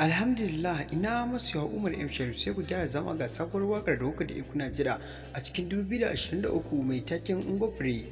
Alhamdulillah ina masu yawa Umar M. Sharif sai ku gyara zama ga sabuwar wakar da kuka da kuna jira a cikin 2023 mai taken Ungofre.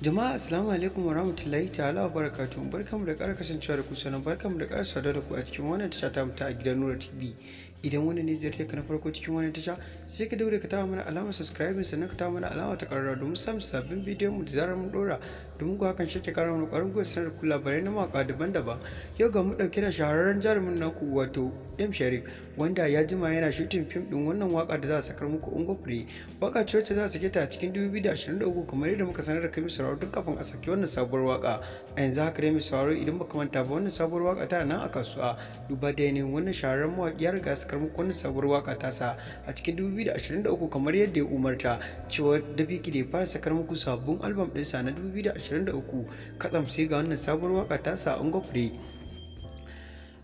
Jama'a assalamu alaikum wa rahmatullahi ta'ala wa barakatuhu barkamu da kara kasancewa da ku sanan barkamu da kara sadar da ku a cikin wannan tasha ta ta gidan Nura TV idan wani ne ziyartar ka na farko cikin wani tasha sai ka daure ka tawa mana alamar subscribing sannan ka tawa mana alamar ta karara domin samun sabbin bidiyon mu da zarar mun dora domin ku hakan shirke kara mana kwarin gwiwa sanar ku labarai na maka daban-daban yau ga mu dauke da shahararren jarumin naku wato M Sharif wanda ya jima yana shooting fim din wannan waka da za a sakar muku Ungo Free waka ce za a sake ta a cikin 2023 kamar yadda muka sanar da kai mu sauraro duk kafin a saki wannan sabuwar waka a yanzu haka dai mu sauraro idan baka manta ba wannan sabuwar waka tana nan a kasuwa duba da yanayin wannan shahararren mawaki ya riga sakamakon sabuwar waka tasa a cikin 2023 kamar yadda ya umarta cewa Dabiki da fara sakar muku sabbin albam ɗinsa na 2023 katsam sai ga wannan sabuwar waka tasa an gwafure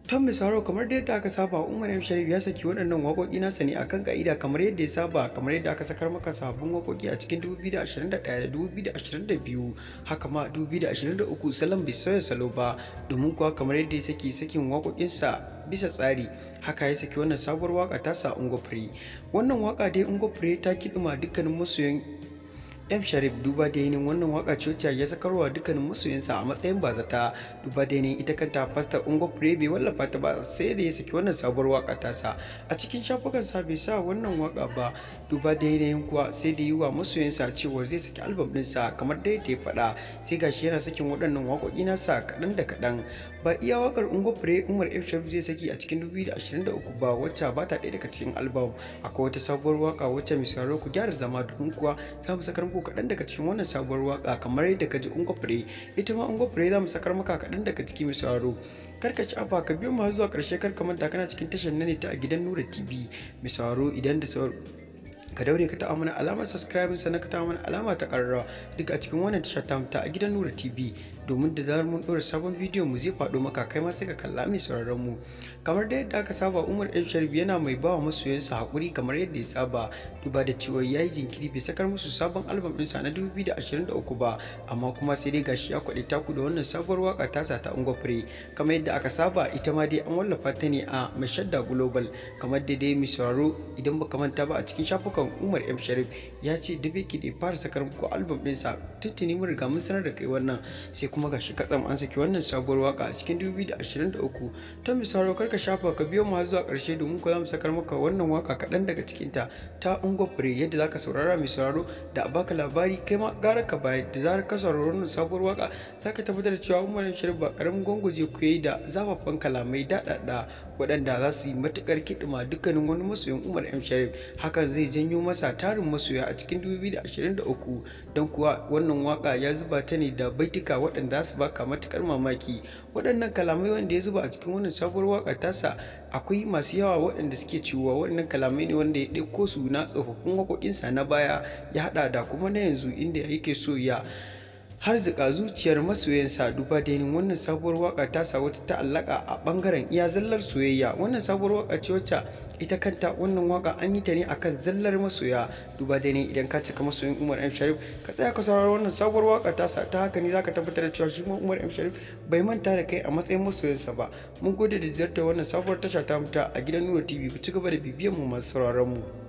Tom Misaro kamar da yadda aka saba Umar Sharif ya saki waɗannan waƙoƙi nasa ne akan ka'ida kamar yadda ya saba kamar yadda aka sakar maka sabbin waƙoƙi a cikin 2021 da 2022 haka ma 2023 salon bai sauya salo ba domin kuwa kamar yadda ya saki sakin waƙoƙinsa bisa tsari haka ya saki wannan sabuwar waƙa tasa Ungo Free wannan waƙa dai Ungo ta kiɗima dukkanin masoyan m sharif duba da yanin wannan waka coca ya sakarwa dukkanin masoyansa a matsayin bazata duba da yanin ita kanta pastor ungo prebe wallafa ta ba sai da ya saki wannan sabuwar waka tasa a cikin shafukan sa bai sa wannan waka ba duba da yanayin kuwa sai da yi wa cewa zai saki album dinsa kamar dai ta ya faɗa sai gashi yana sakin waɗannan waƙoƙi nasa kaɗan da kaɗan ba iya wakar ungo pre umar f sharif zai saki a cikin 2023 ba wacce ba ta ɗaya daga cikin album akwai wata sabuwar waka wacce misaro ku gyara zama domin kuwa za mu muku kaɗan daga cikin wannan sabuwar waka kamar yadda ka ji ungwafure ita ma ungwafure za mu sakar maka kaɗan daga ciki mai karka ci afa ka biyo mu zuwa ƙarshe karka manta kana cikin tashar na ne ta a gidan nura tv mai idan da sauraro ka daure ka ta mana alamar subscribe sannan ka ta mana alama ta ƙararrawa duk a cikin wannan tashar ta a gidan nura tv domin da zarar mun ɗora sabon bidiyo mu zai faɗo maka kai ma sai ka kalla mai sauraron mu kamar da yadda aka saba Umar El Sharif yana mai bawa masoyansa haƙuri kamar yadda ya saba duba da cewa yayi jinkiri bai sakar musu sabon albam ɗinsa na 2023 ba amma kuma sai dai gashi ya kwaɗe taku da wannan sabuwar waka sa ta Ungwafre kamar yadda aka saba ita ma dai an wallafa ta ne a Mashadda Global kamar da dai mai sauraro idan baka manta ba a cikin shafukan Umar M Sharif ya ce da bai ki fara sakar muku album ɗinsa tuntuni mun riga mun sanar da kai wannan sai kuma gashi katsam an saki wannan sabuwar waka a cikin 2023 ta misalo karka shafa ka biyo mu zuwa karshe domin ku za mu sakar maka wannan waka kadan daga cikin ta ta ungwafure yadda zaka saurara mai sauraro da a baka labari kai ma gara ka baya da zarar ka wannan sabuwar waka zaka tabbatar da cewa umarin shirin ba karamin gwangwaje ku yi da zafafan kalamai daɗaɗa waɗanda za su yi matukar kiɗima dukkanin wani masoyin umar m sharif hakan zai janyo masa tarin masoya a cikin 2023 don kuwa wannan waka ya zuba ta ne da baituka waɗanda zasu za su baka matukar mamaki waɗannan kalamai wanda ya zuba a cikin wannan sabuwar waka tasa akwai masu yawa waɗanda suke ciwuwa waɗannan kalamai ne wanda ya ɗauko su na tsofaffin waƙoƙinsa na baya ya haɗa da kuma na yanzu inda yake so ya har zika zuciyar masoyan sadu badenin wannan sabuwar waka ta sa wata ta'allaka a bangaren iya zallar soyayya wannan sabuwar waka ce wacce ita kanta wannan waka an yi ta ne akan zallar masoya duba da ne idan ka cika masoyin Umar M Sharif ka tsaya ka saurara wannan sabuwar waka ta sa ta haka ne zaka tabbatar da cewa shi Umar M Sharif bai manta da kai a matsayin masoyansa ba mun gode da ziyartar wannan sabuwar tasha ta muta a gidan nuna TV ku ci gaba da bibiyar mu masu sauraron mu